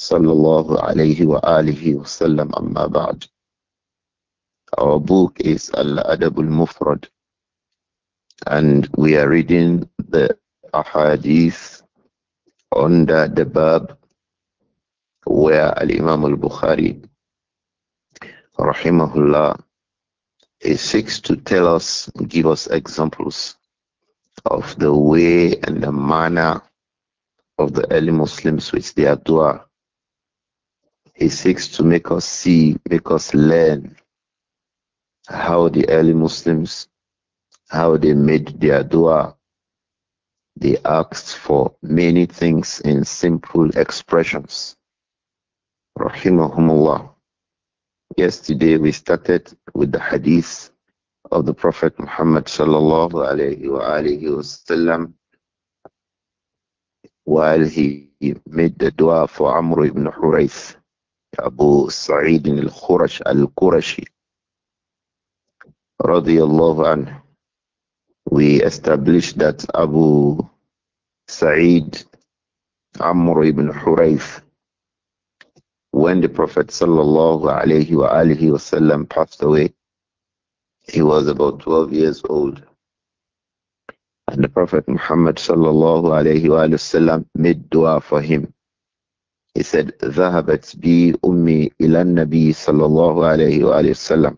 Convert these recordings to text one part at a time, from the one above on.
sallallahu alayhi wasallam Our book is Al-Adabul Mufrad and we are reading the ahadith under the bab where Al-Imam Al-Bukhari rahimahullah he seeks to tell us, give us examples of the way and the manner of the early Muslims with their dua he seeks to make us see, make us learn how the early Muslims, how they made their dua. They asked for many things in simple expressions. Rahimahumullah. Yesterday we started with the hadith of the Prophet Muhammad sallallahu alayhi wa alayhi wasallam while he made the dua for Amr ibn Hurayth Abu Sa'id al-Khurash al الله عنه. We established that Abu Sa'id Amr ibn Hurayf when the Prophet sallallahu alayhi wa alihi wasallam passed away he was about 12 years old and the Prophet Muhammad sallallahu alayhi wa sallam made dua for him he said, ذهبت بي أمي إلى النبي صلى الله عليه وآله وسلم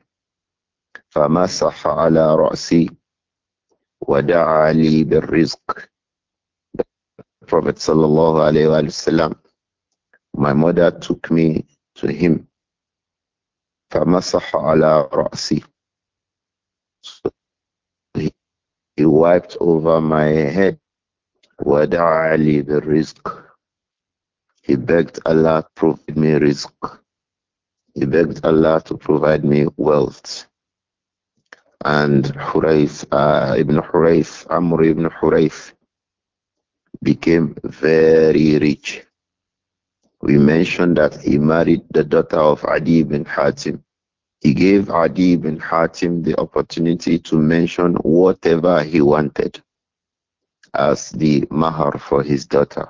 فمسح على رأسي ودعا لي بالرزق. The Prophet صلى الله عليه وآله وسلم, my mother took me to him. فمسح على رأسي. So he, he wiped over my head. ودعا لي بالرزق. He begged Allah, provide me rizq. He begged Allah to provide me wealth. And Hurayf, uh, Ibn Hurayf, Amr ibn Hurayf became very rich. We mentioned that he married the daughter of Adi ibn Hatim. He gave Adi ibn Hatim the opportunity to mention whatever he wanted as the mahar for his daughter.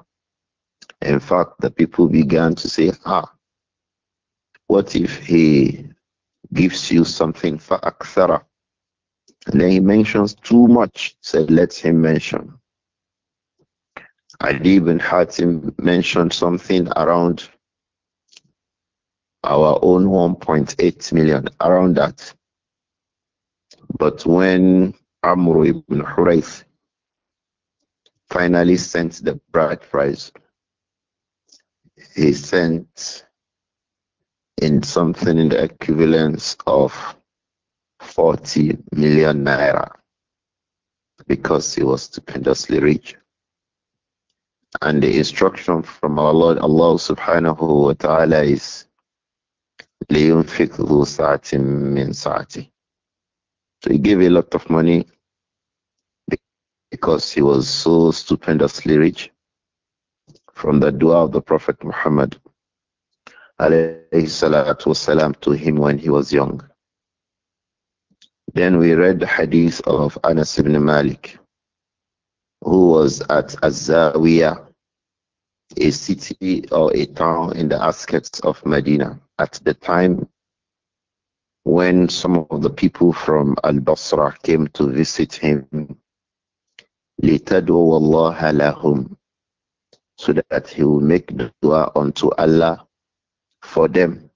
In fact, the people began to say, ah, what if he gives you something for akthara? And then he mentions too much, said, so let him mention. Ali ibn Hatim mentioned something around our own 1.8 million, around that. But when Amr ibn Hurayth finally sent the bride prize, he sent in something in the equivalence of 40 million naira because he was stupendously rich. And the instruction from our Lord Allah subhanahu wa ta'ala is لِيُنْفِقْ ذُو سَعْتٍ مِّن سَعْتِهِ So he gave a lot of money because he was so stupendously rich from the dua of the Prophet Muhammad والسلام, to him when he was young. Then we read the hadith of Anas ibn Malik, who was at Azawiyah, a city or a town in the outskirts of Medina, at the time when some of the people from Al Basra came to visit him. لتدعو الله لهم so that he will make dua unto Allah for them.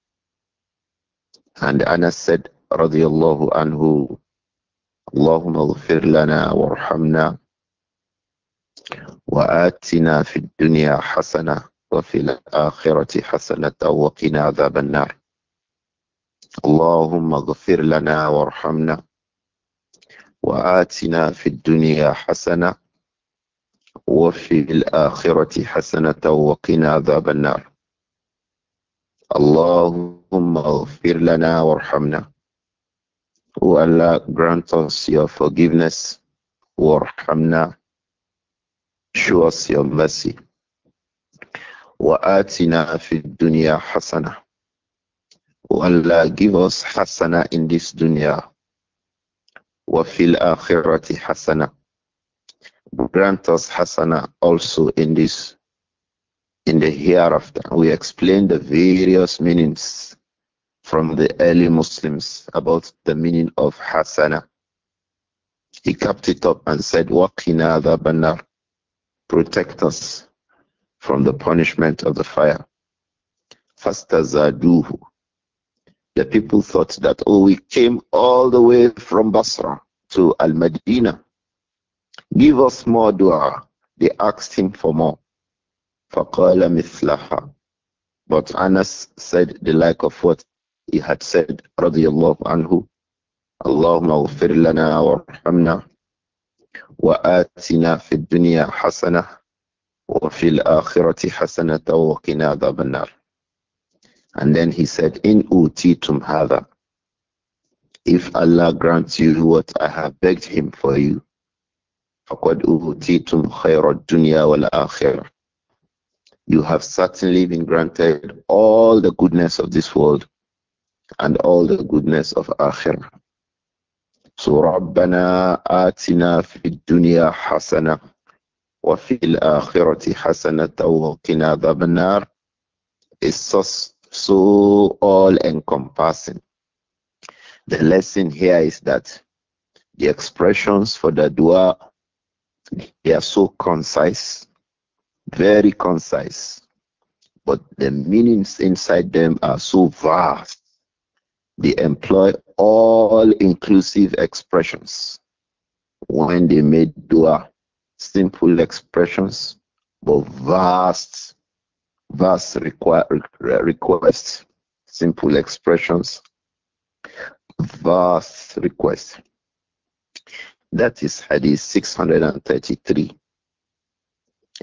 And Anas said, radiyallahu anhu, Allahumma ghafir lana warhamna وآتنا في الدنيا حسنة وفي الآخرة حسنة وقنا عذاب النار اللهم اغفر لنا wa atina في dunya hasana." وفي الآخرة حسنة وقنا عذاب النار اللهم اغفر لنا وارحمنا وَاللَّهُ grant us your forgiveness وارحمنا show us your mercy وآتنا في الدنيا حسنة وَاللَّهُ give us حسنة in this dunya وفي الآخرة حسنة grant us hasana also in this in the hereafter. We explain the various meanings from the early Muslims about the meaning of hasana. He kept it up and said, Waqina banar, protect us from the punishment of the fire. Fastazaduhu. The people thought that, oh, we came all the way from Basra to Al Madinah Give us more dua. They asked him for more. فَقَالَ مِثْلَهَا But Anas said the like of what he had said, رضي الله عنه. اللهم اغفر لنا وارحمنا وآتنا في الدنيا حسنة وفي الآخرة حسنة وقنا عذاب النار. And then he said, In utitum هذا. If Allah grants you what I have begged him for you, فَقَدْ أُوتِيتُمْ خَيْرَ الدُّنْيَا وَالْآخِرَةِ You have certainly been granted all the goodness of this world and all the goodness of akhirah. So رَبَّنَا آتِنَا فِي الدُّنْيَا حَسَنَةً وَفِي الْآخِرَةِ حَسَنَةً وَقِنَا عَذَابَ النَّارِ It's so, so all-encompassing. The lesson here is that the expressions for the dua they are so concise, very concise, but the meanings inside them are so vast. They employ all inclusive expressions. When they made dua, simple expressions, but vast, vast requ requests, simple expressions, vast requests. That is Hadith 633.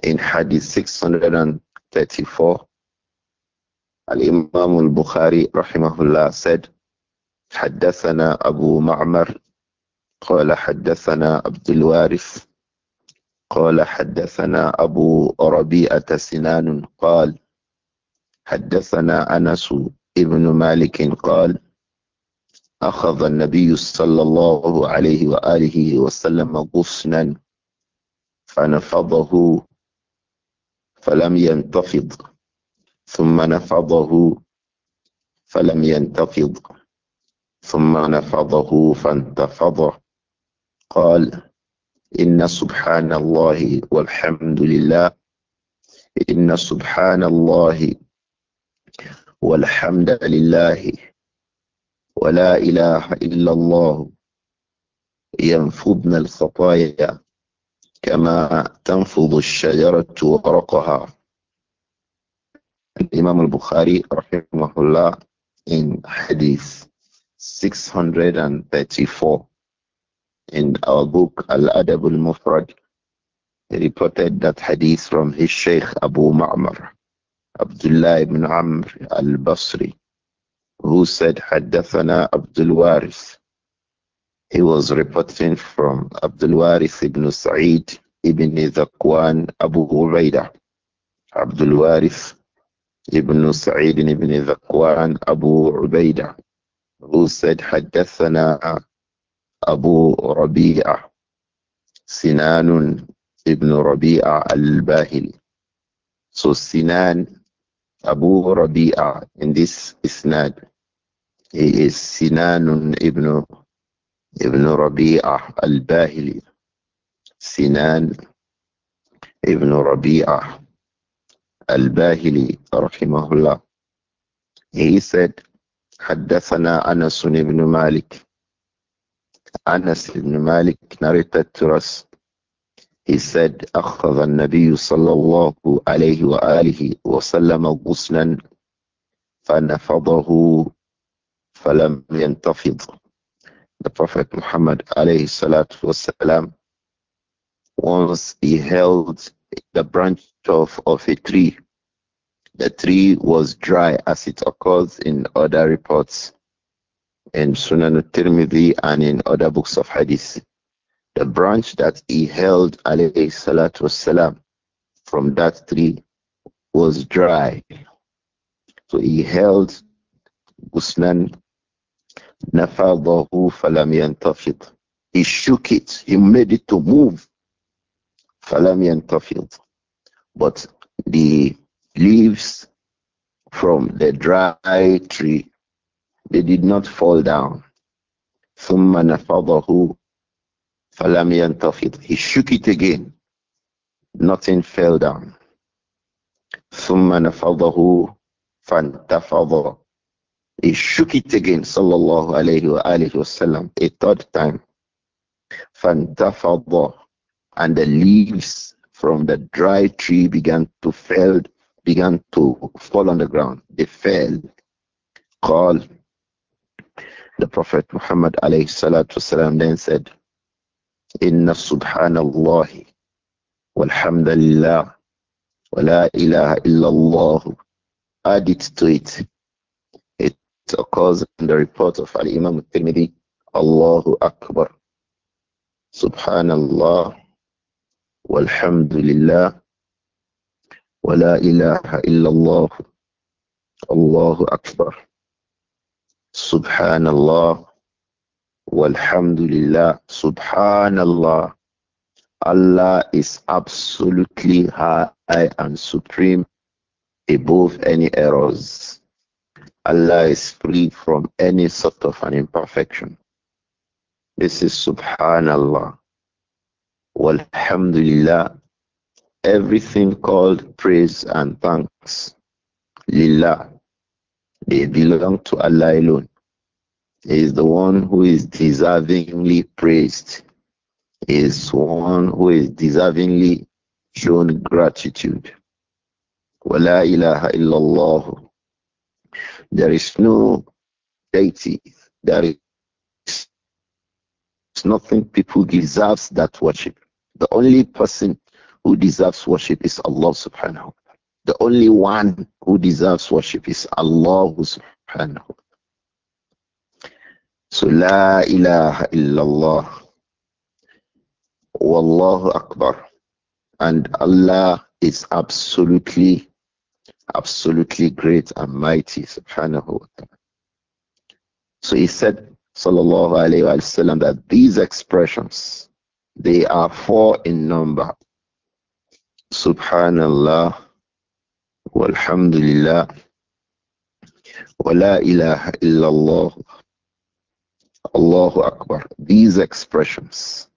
In Hadith 634, Al Imam al Bukhari rahimahullah said, حدثنا أبو معمر قال حدثنا عبد الوارث قال حدثنا أبو ربيئة سنان قال حدثنا أنس ابن مالك قال أخذ النبي صلى الله عليه وآله وسلم غصنا فنفضه فلم ينتفض ثم نفضه فلم ينتفض ثم نفضه فانتفض قال إن سبحان الله والحمد لله إن سبحان الله والحمد لله ولا إله إلا الله ينفضن الخطايا كما تنفض الشجرة ورقها الإمام البخاري رحمه الله in Hadith 634 in our book Al-Adab al-Mufrad reported that hadith from his Sheikh Abu Ma'mar Abdullah ibn Amr al-Basri who said Haddathana Abdul Waris. He was reporting from Abdul Waris ibn Sa'id ibn Zakwan Abu Huraida. Abdul Waris ibn Sa'id ibn Zakwan Abu Ubaida, who said Haddathana Abu Rabia. Sinanun ibn Rabia al-Bahili. So Sinan Abu Rabia in this isnad He is Sinan ibn, ibn Rabi'ah al-Bahili. Sinan ibn Rabi'ah al-Bahili, rahimahullah. He said, حدثنا أنس بن مالك Anas ibn Malik narrated to us. He said, أخذ النبي صلى الله عليه وآله وسلم غسلا فنفضه فَلَمْ يَنْتَفِضْ The Prophet Muhammad alayhi salatu wasalam, once he held the branch of, of a tree. The tree was dry as it occurs in other reports in Sunan al-Tirmidhi and in other books of hadith. The branch that he held alayhi salatu wasalam from that tree was dry. So he held Gusnan نَفَضَهُ فَلَمْ يَنْتَفِضْ He shook it, he made it to move. فَلَمْ يَنْتَفِضْ But the leaves from the dry tree, they did not fall down. ثُمَّ نَفَضَهُ فَلَمْ يَنْتَفِضْ He shook it again. Nothing fell down. ثُمَّ نَفَضَهُ فَانْتَفَضَ he shook it again, sallallahu alayhi wa alayhi wasallam, a third time. Fantafadha. And the leaves from the dry tree began to fall, began to fall on the ground. They fell. Call. The Prophet Muhammad alayhi salatu wasalam then said, Inna subhanallahi walhamdulillah wa la ilaha illallah. Add it to it. It occurs in the report of Ali Imam al Tirmidhi, Allahu Akbar. Subhanallah. Walhamdulillah. la ilaha illallah. Allahu Akbar. Subhanallah. Walhamdulillah. Subhanallah. Allah is absolutely high and supreme above any errors. Allah is free from any sort of an imperfection. This is subhanallah. Walhamdulillah. Everything called praise and thanks. Lillah. They belong to Allah alone. He is the one who is deservingly praised. He is one who is deservingly shown gratitude. Wala ilaha illallah. There is no deity. There is nothing people deserves that worship. The only person who deserves worship is Allah subhanahu wa The only one who deserves worship is Allah subhanahu wa So la ilaha illallah. Wallahu akbar. And Allah is absolutely absolutely great and mighty, subhanahu wa ta'ala. So he said, sallallahu alayhi wa sallam, that these expressions, they are four in number. Subhanallah, walhamdulillah, wa la ilaha illallah, Allahu Akbar. These expressions,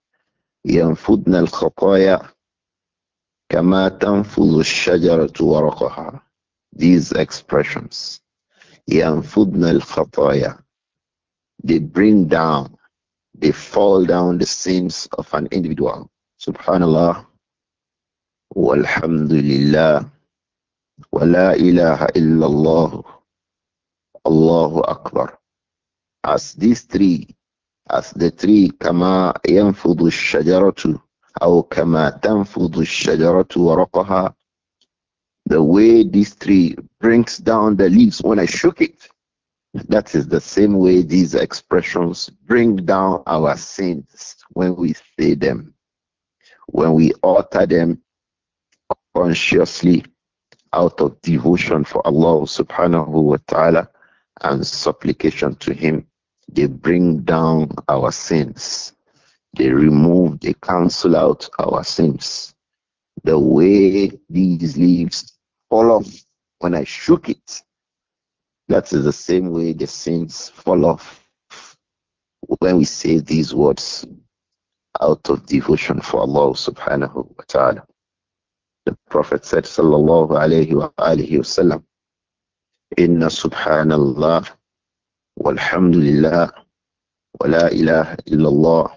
ينفذن الخطايا كما تنفذ الشجرة ورقها these expressions. يَنْفُدْنَ الْخَطَايَا They bring down, they fall down the sins of an individual. Subhanallah. Walhamdulillah. Wa la ilaha illallah. Allahu Akbar. As these three, as the three, كما ينفض الشجرة أو كما تنفض الشجرة ورقها the way this tree brings down the leaves when I shook it, that is the same way these expressions bring down our sins when we say them, when we utter them consciously out of devotion for Allah subhanahu wa ta'ala and supplication to Him. They bring down our sins. They remove, they cancel out our sins. The way these leaves fall off when I shook it. That is the same way the sins fall off when we say these words out of devotion for Allah subhanahu wa ta'ala. The Prophet said, sallallahu alayhi wa alihi wasallam, inna subhanallah walhamdulillah wa la ilaha illallah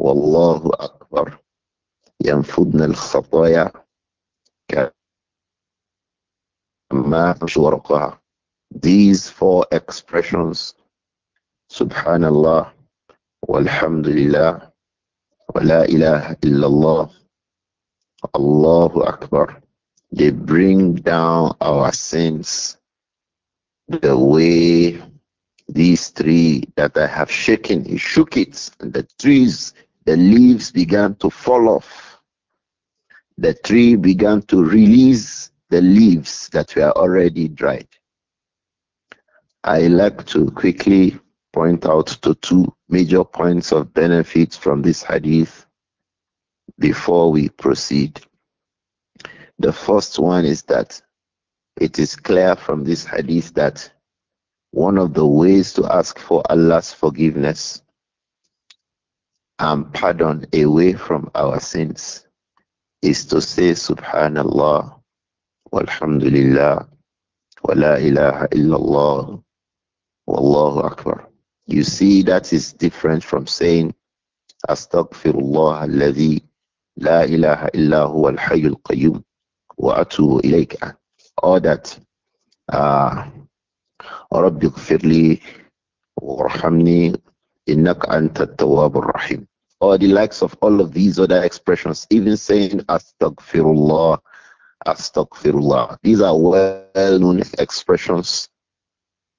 wallahu akbar yanfudna al-khataya these four expressions, Subhanallah, Walhamdulillah, Wa la ilaha illallah, Allahu Akbar, they bring down our sins the way these three that I have shaken, he shook it, and the trees, the leaves began to fall off. The tree began to release the leaves that were already dried. I like to quickly point out to two major points of benefit from this hadith before we proceed. The first one is that it is clear from this hadith that one of the ways to ask for Allah's forgiveness and pardon away from our sins is to say Subhanallah والحمد لله ولا ilaha illallah wallahu akbar you see that is different from saying astaghfirullah alladhi la ilaha illa huwa al qayyum wa atubu ilayka all that uh, rabbi ighfirli warhamni innaka anta at-tawwabur rahim or the likes of all of these other expressions even saying astaghfirullah Astaghfirullah. These are well known expressions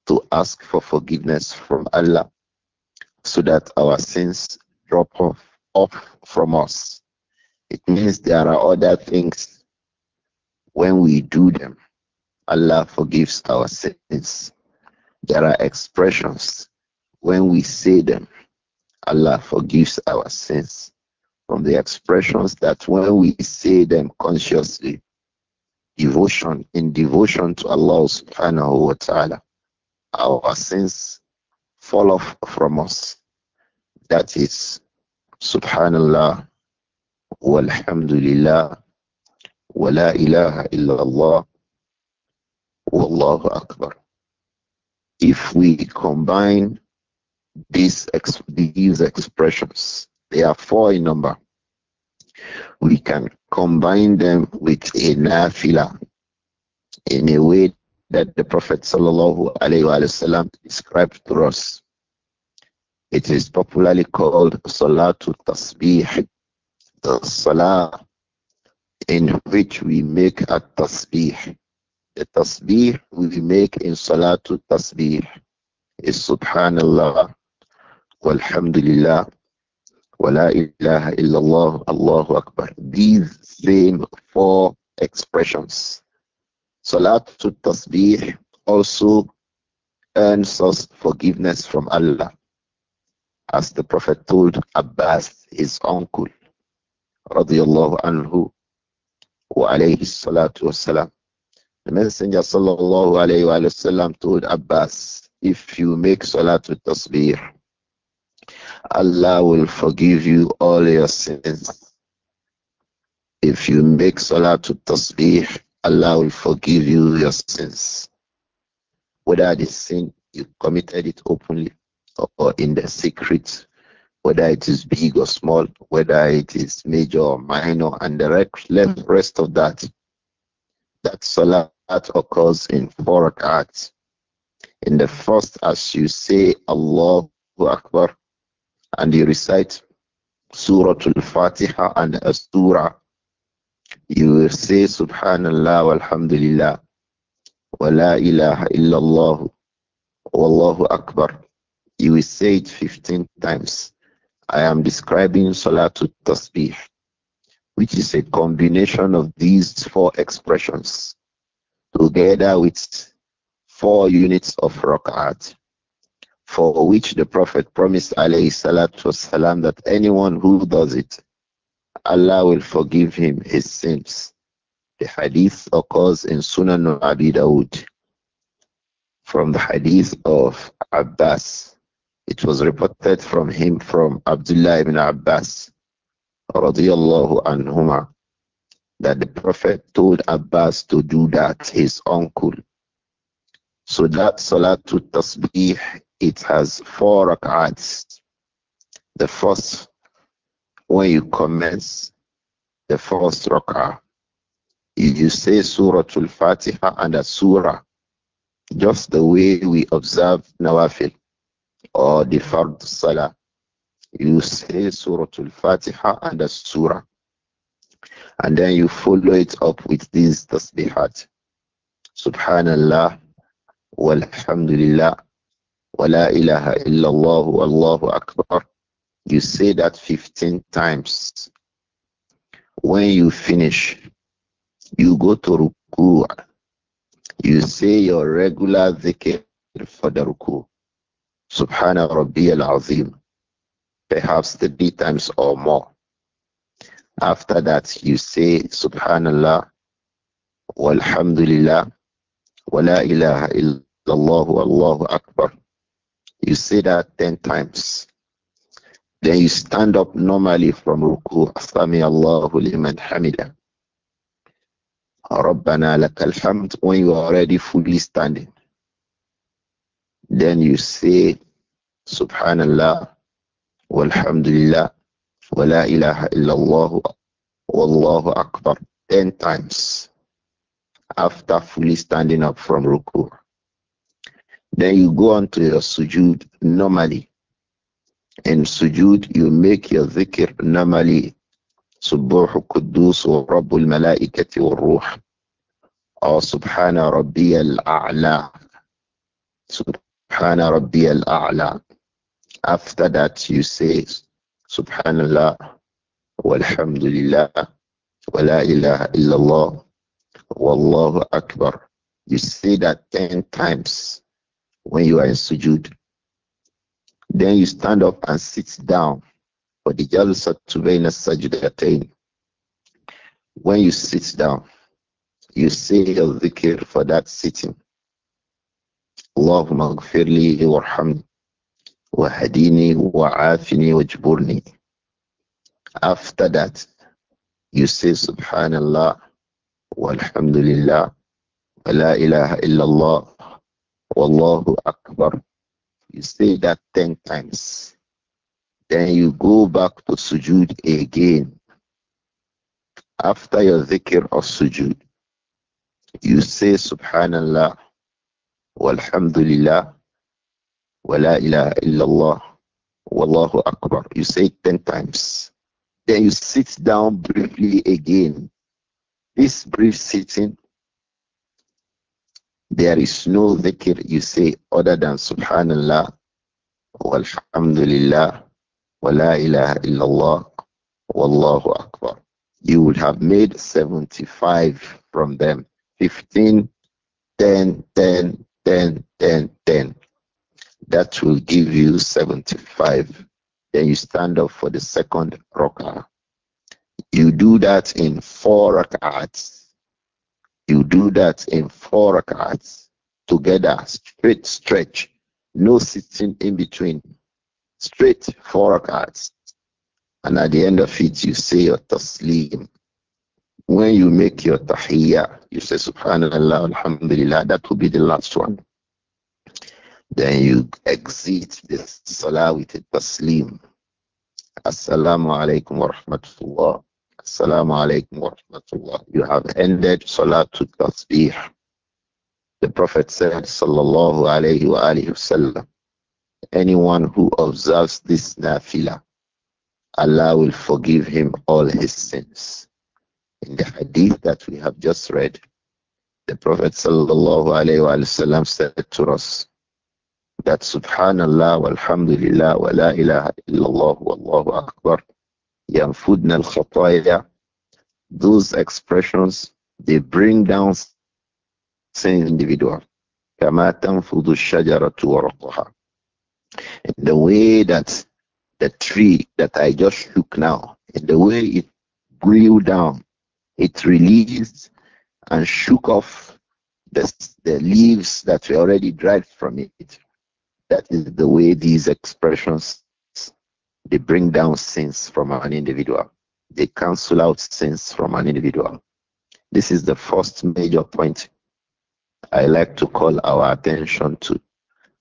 to ask for forgiveness from Allah so that our sins drop off, off from us. It means there are other things when we do them, Allah forgives our sins. There are expressions when we say them, Allah forgives our sins. From the expressions that when we say them consciously, devotion, in devotion to Allah subhanahu wa ta'ala, our sins fall off from us. That is subhanallah walhamdulillah wa la ilaha illallah wallahu akbar. If we combine these, these expressions, they are four in number we can combine them with a nafila in a way that the Prophet wasallam described to us. It is popularly called Salatul Tasbih, the Salah in which we make a Tasbih. The Tasbih we make in Salatul Tasbih is Subhanallah, Walhamdulillah, Wala ilaha illallah, Allahu Akbar. These same four expressions. Salatul Tasbih also earns us forgiveness from Allah. As the Prophet told Abbas, his uncle, radiallahu anhu, wa alayhi salatu wasalam. The Messenger sallallahu alayhi wa sallam told Abbas, if you make salatul tasbih, Allah will forgive you all your sins. If you make salah to tasbih, Allah will forgive you your sins. Whether the sin you committed it openly or in the secret, whether it is big or small, whether it is major or minor, and the rest of that, that salah occurs in four acts. In the first, as you say Allahu Akbar, and you recite Surah Al-Fatiha and a surah, you will say Subhanallah walhamdulillah wa la ilaha illallah wallahu akbar. You will say it 15 times. I am describing Salatul Tasbih, which is a combination of these four expressions together with four units of rak'at for which the Prophet promised alayhi salatu that anyone who does it, Allah will forgive him his sins. The hadith occurs in Sunan Abi Dawud from the hadith of Abbas. It was reported from him from Abdullah ibn Abbas radiyallahu anhuma that the Prophet told Abbas to do that, his uncle. So that Salatul Tasbih it has four rak'ats. The first, when you commence the first rak'ah, you say Surah Al-Fatiha and a Surah, just the way we observe Nawafil or the Fard Salah. You say Surah Al-Fatiha and a Surah. And then you follow it up with these tasbihat. Subhanallah, walhamdulillah, Wala ilaha illallāhu Allahu Akbar. You say that 15 times. When you finish, you go to ruku. You say your regular dhikr for the ruku. Subhana Rabbiyal Azim. Perhaps three times or more. After that, you say Subhanallah, Walhamdulillah, Wala ilaha illallāhu Allahu Akbar. You say that 10 times. Then you stand up normally from ruku. Asami Allahu liman hamida. Rabbana lakal hamd. When you are already fully standing. Then you say Subhanallah walhamdulillah wa la ilaha illallah wallahu akbar. 10 times after fully standing up from ruku. Then you go on to your sujud normally. In sujud, you make your dhikr normally. سبوح قدوس ورب الملائكة والروح أو سبحان ربي الأعلى سبحان ربي الأعلى After that you say سبحان الله والحمد لله ولا إله إلا الله والله أكبر You say that ten times when you are in sujud. Then you stand up and sit down for the jalsatu baina sajdatain. When you sit down, you say your dhikr for that sitting. اللهم اغفر لي وارحمني وهديني وعافني واجبرني. After that, you say subhanallah walhamdulillah wa la ilaha illallah Allahu Akbar. You say that 10 times. Then you go back to sujud again. After your dhikr of sujud, you say Subhanallah, Walhamdulillah, Wala ilaha illallah, Wallahu Akbar. You say it 10 times. Then you sit down briefly again. This brief sitting there is no dhikr you say other than Subhanallah, Walhamdulillah, Wa la ilaha illallah, Wallahu Akbar. You would have made 75 from them 15, 10, 10, 10, 10, 10. That will give you 75. Then you stand up for the second rak'ah. You do that in four rak'ahs you do that in four rakats together, straight stretch, no sitting in between, straight four rakats. And at the end of it, you say your taslim. When you make your tahiyyah, you say subhanallah, alhamdulillah, that will be the last one. Then you exit the salah with a taslim. Assalamu alaikum wa rahmatullah. Assalamu alaikum wa rahmatullah. You have ended Salatul Tasbih. The Prophet said, Sallallahu alayhi wa alayhi wasallam, anyone who observes this nafila, Allah will forgive him all his sins. In the hadith that we have just read, the Prophet sallallahu alayhi wa sallam said to us that Subhanallah walhamdulillah wa la ilaha illallah wallahu akbar ينفدن الخطايا those expressions they bring down same individual كما تنفض الشجرة ورقها in the way that the tree that I just shook now in the way it grew down it released and shook off the, the leaves that were already dried from it that is the way these expressions they bring down sins from an individual. They cancel out sins from an individual. This is the first major point I like to call our attention to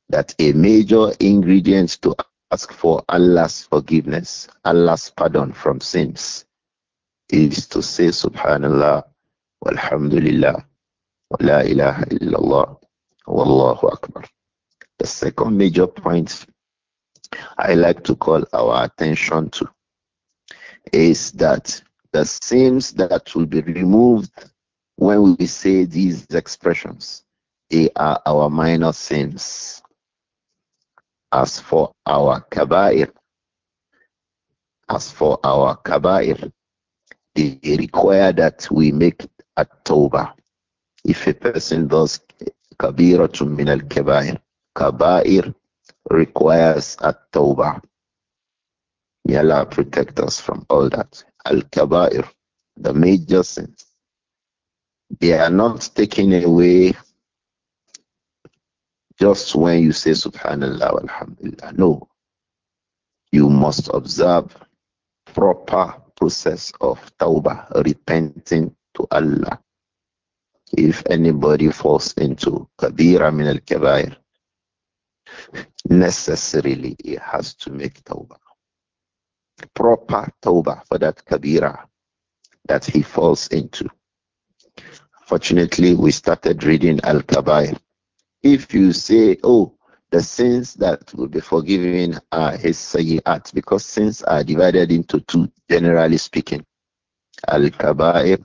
that a major ingredient to ask for Allah's forgiveness, Allah's pardon from sins, is to say Subhanallah, Walhamdulillah, la ilaha illallah, Wallahu Akbar. The second major point I like to call our attention to is that the sins that will be removed when we say these expressions, they are our minor sins. As for our kaba'ir, as for our kaba'ir, they require that we make a If a person does to min al kaba'ir, kaba'ir requires a tawbah. May Allah protect us from all that. Al kaba'ir, the major sins, they are not taken away just when you say subhanallah alhamdulillah no you must observe proper process of tawbah repenting to allah if anybody falls into kabira min al kabair necessarily he has to make tawbah. Proper tawbah for that kabira that he falls into. Fortunately, we started reading Al Kabir. If you say, oh, the sins that will be forgiven are his sayyat, because sins are divided into two, generally speaking Al Kabir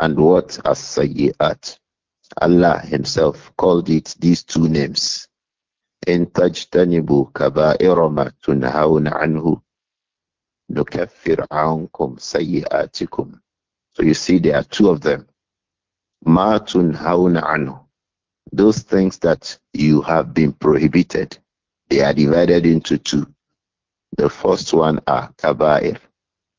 and what as sayyat. Allah Himself called it these two names إن تجتنبوا كبائر ما تنهون عنه نكفر عنكم سيئاتكم So you see there are two of them. ما تنهون عنه Those things that you have been prohibited, they are divided into two. The first one are kaba'ir.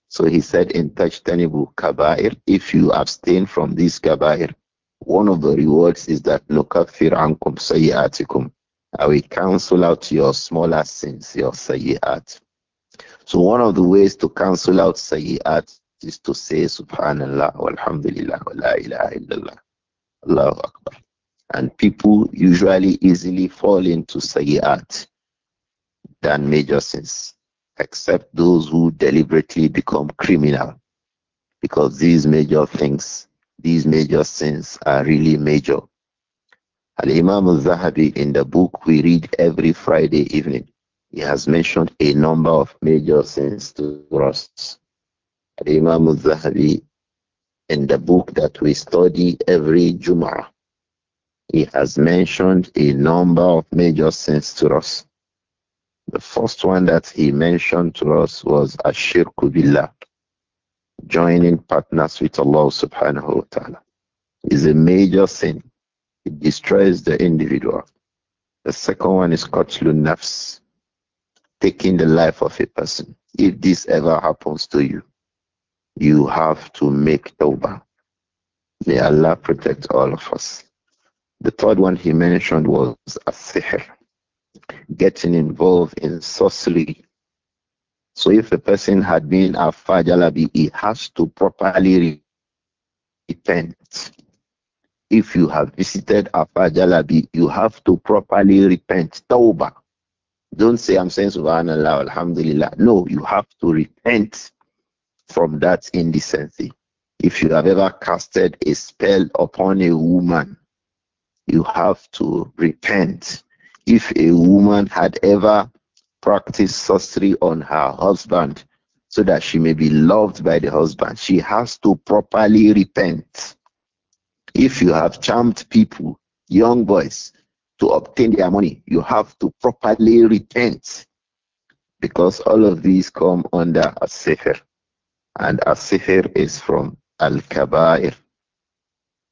So he said in Tajtanibu kaba'ir, if you abstain from these kaba'ir, one of the rewards is that nukafir ankum sayyatikum. I will cancel out your smaller sins, your sayyat. So one of the ways to cancel out sayyat is to say subhanallah walhamdulillah wa la ilaha illallah. Allahu Akbar. And people usually easily fall into sayyat than major sins, except those who deliberately become criminal. Because these major things, these major sins are really major. Al Imam al Zahabi, in the book we read every Friday evening, he has mentioned a number of major sins to us. Al Imam al Zahabi, in the book that we study every Jum'ah, he has mentioned a number of major sins to us. The first one that he mentioned to us was Ashirku Billah, joining partners with Allah subhanahu wa ta'ala, is a major sin it destroys the individual. The second one is Kotlu Nafs, taking the life of a person. If this ever happens to you, you have to make tawbah. May Allah protect all of us. The third one he mentioned was asihr, getting involved in sorcery. So if a person had been a fajalabi, he has to properly repent. If you have visited Afa Jalabi, you have to properly repent. Tawbah. Don't say, I'm saying Subhanallah, Alhamdulillah. No, you have to repent from that indecency. If you have ever casted a spell upon a woman, you have to repent. If a woman had ever practiced sorcery on her husband so that she may be loved by the husband, she has to properly repent. If you have charmed people, young boys, to obtain their money, you have to properly repent because all of these come under a sefer. And a sefer is from Al Kabair.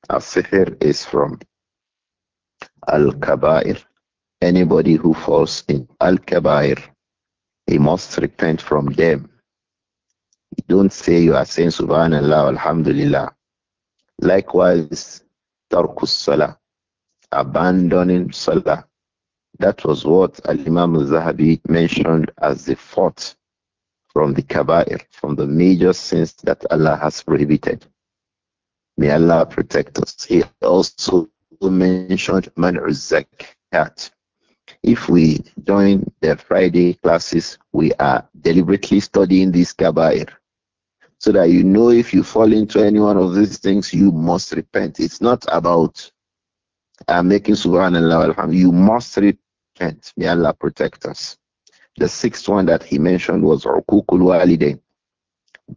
A sefer is from Al Kabair. Anybody who falls in Al Kabair, he must repent from them. don't say you are saying Subhanallah, Alhamdulillah. Likewise, tarkus salah, abandoning salah. That was what Al-Imam al-Zahabi mentioned as the fourth from the kaba'ir, from the major sins that Allah has prohibited. May Allah protect us. He also mentioned man'u zakat. If we join the Friday classes, we are deliberately studying this kaba'ir so that you know if you fall into any one of these things, you must repent. It's not about uh, making subhanallah alhamdulillah. You must repent. May Allah protect us. The sixth one that he mentioned was Ukukul Walidain,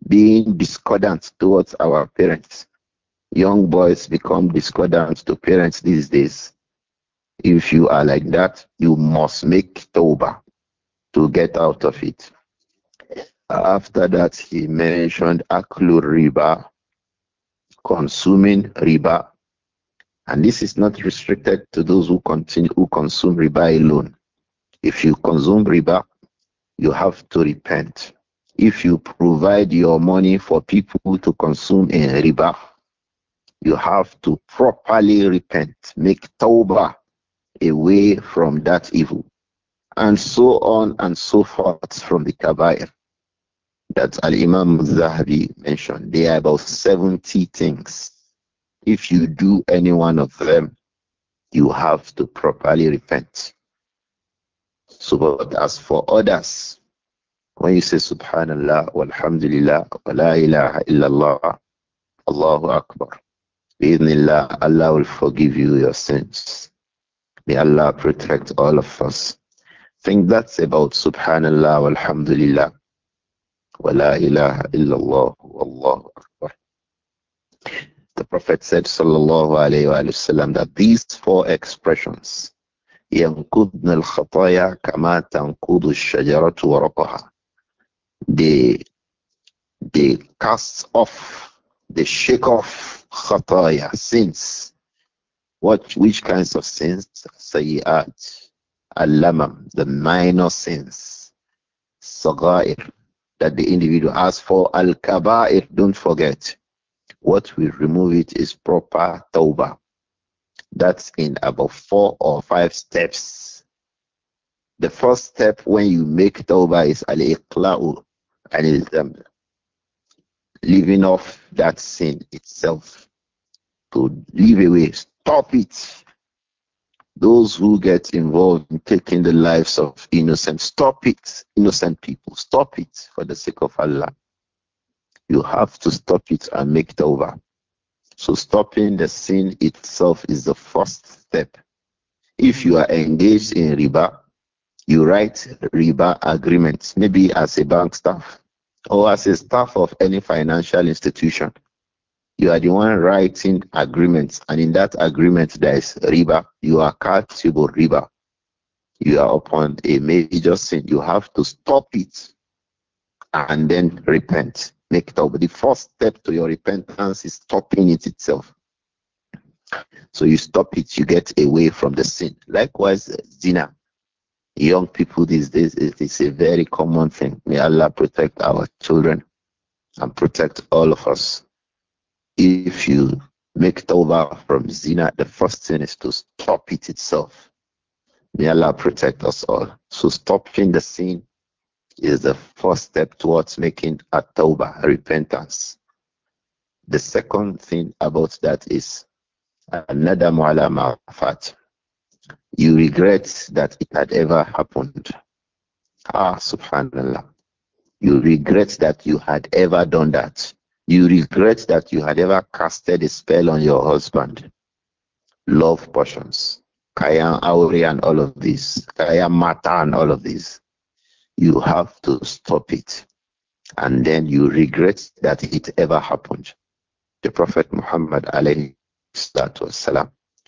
being discordant towards our parents. Young boys become discordant to parents these days. If you are like that, you must make tawbah to get out of it. After that, he mentioned Aklu Riba, consuming Riba. And this is not restricted to those who continue who consume riba alone. If you consume riba, you have to repent. If you provide your money for people to consume in riba, you have to properly repent, make tawbah away from that evil, and so on and so forth from the kabair that Al Imam Zahabi mentioned. there are about 70 things. If you do any one of them, you have to properly repent. So, but as for others, when you say Subhanallah, Alhamdulillah, Wa La ilaha illallah, Allahu Akbar, Bismillah, Allah will forgive you your sins. May Allah protect all of us. Think that's about Subhanallah, Alhamdulillah. وَلَا إِلَهَ إِلَّا اللَّهُ وَاللَّهُ أَكْبَرُ The Prophet said, sallallahu alayhi wa sallam, that these four expressions, يَنْكُدْنَ الْخَطَايَا كَمَا تَنْكُدُ الشَّجَرَةُ وَرَقَهَا They, they cast off, they shake off khataya, sins. What, which kinds of sins? Sayyat, al-lamam, the minor sins. Sagair, that the individual asks for. Al kaba'ir, don't forget. What will remove it is proper tawbah. That's in about four or five steps. The first step when you make tawbah is al iqla'u and leaving off that sin itself. To leave away, stop it those who get involved in taking the lives of innocent, stop it, innocent people. Stop it for the sake of Allah. You have to stop it and make it over. So stopping the sin itself is the first step. If you are engaged in riba, you write riba agreements, maybe as a bank staff or as a staff of any financial institution you are the one writing agreements, and in that agreement there is riba. You are culpable riba. You are upon a major sin. You have to stop it and then repent. Make it up. The first step to your repentance is stopping it itself. So you stop it, you get away from the sin. Likewise, zina. Young people these days, it is a very common thing. May Allah protect our children and protect all of us if you make tawbah from zina, the first thing is to stop it itself. May Allah protect us all. So stopping the sin is the first step towards making a tawbah, repentance. The second thing about that is another ala ma'afat. You regret that it had ever happened. Ah, subhanallah. You regret that you had ever done that. You regret that you had ever casted a spell on your husband. Love portions. Kaya Auri and all of this. Kaya Mata and all of this. You have to stop it. And then you regret that it ever happened. The Prophet Muhammad alayhi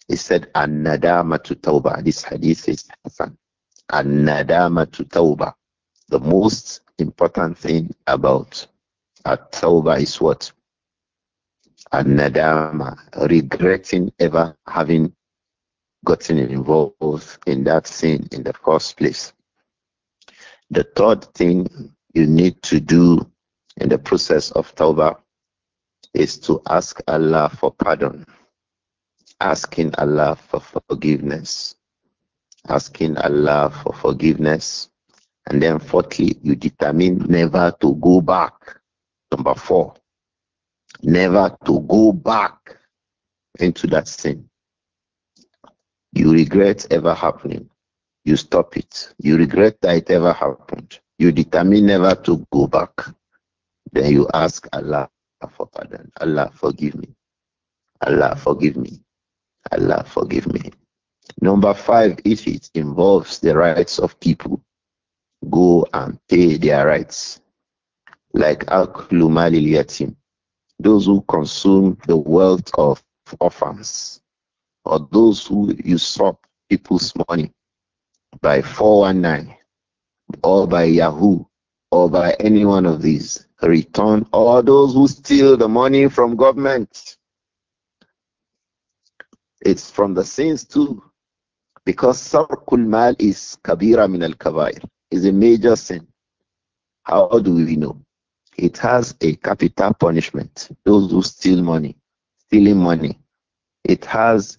he said, An-nadama to tawbah. This hadith is Hassan. An-nadama to tawbah. The most important thing about at tawbah is what? And nadama, regretting ever having gotten involved in that sin in the first place. The third thing you need to do in the process of tawbah is to ask Allah for pardon, asking Allah for forgiveness, asking Allah for forgiveness, and then fourthly, you determine never to go back Number four, never to go back into that sin. You regret ever happening. You stop it. You regret that it ever happened. You determine never to go back. Then you ask Allah for pardon. Allah, forgive me. Allah, forgive me. Allah, forgive me. Number five, if it involves the rights of people, go and pay their rights like al malil those who consume the wealth of orphans, or those who usurp people's money by 419, or by Yahoo, or by any one of these, return, or those who steal the money from government. It's from the sins too, because sarkul mal is kabira min al kabair, is a major sin. How do we know? It has a capital punishment. Those who steal money, stealing money. It has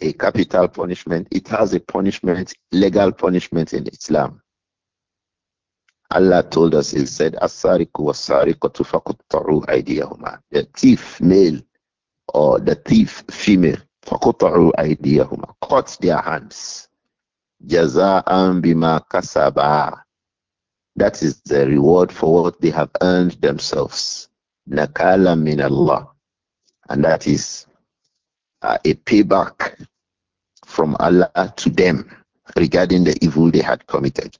a capital punishment. It has a punishment, legal punishment in Islam. Allah told us, He said, Asariku wasariqatu fakuttaru aydiyahuma. The thief, male, or the thief, female, fakuttaru aydiyahuma. Cut their hands. Jaza'an bima kasaba. That is the reward for what they have earned themselves. Nakala min Allah. And that is uh, a payback from Allah to them regarding the evil they had committed.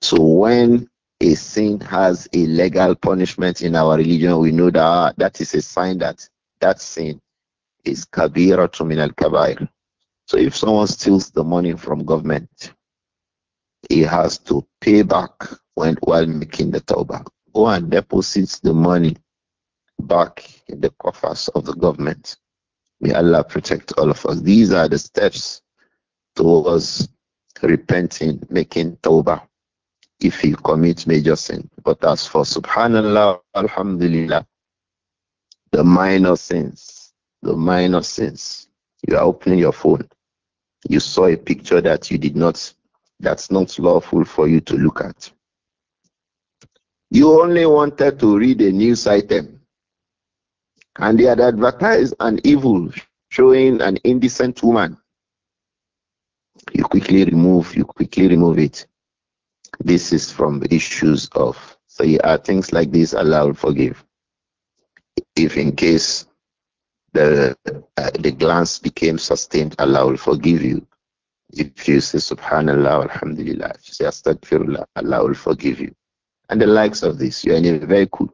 So when a sin has a legal punishment in our religion, we know that that is a sign that that sin is kabira to min al kabair. So if someone steals the money from government, he has to pay back when while making the tawbah. Go and deposit the money back in the coffers of the government. May Allah protect all of us. These are the steps towards repenting, making tawbah if he commits major sin. But as for subhanallah, alhamdulillah, the minor sins, the minor sins, you are opening your phone. You saw a picture that you did not that's not lawful for you to look at. You only wanted to read a news item, and they had advertised an evil showing an indecent woman. You quickly remove, you quickly remove it. This is from issues of so are things like this allowed forgive. If in case the uh, the glance became sustained, Allah will forgive you. If you say Subhanallah, Alhamdulillah, if you say Astaghfirullah, Allah will forgive you. And the likes of this, you're in a very cool.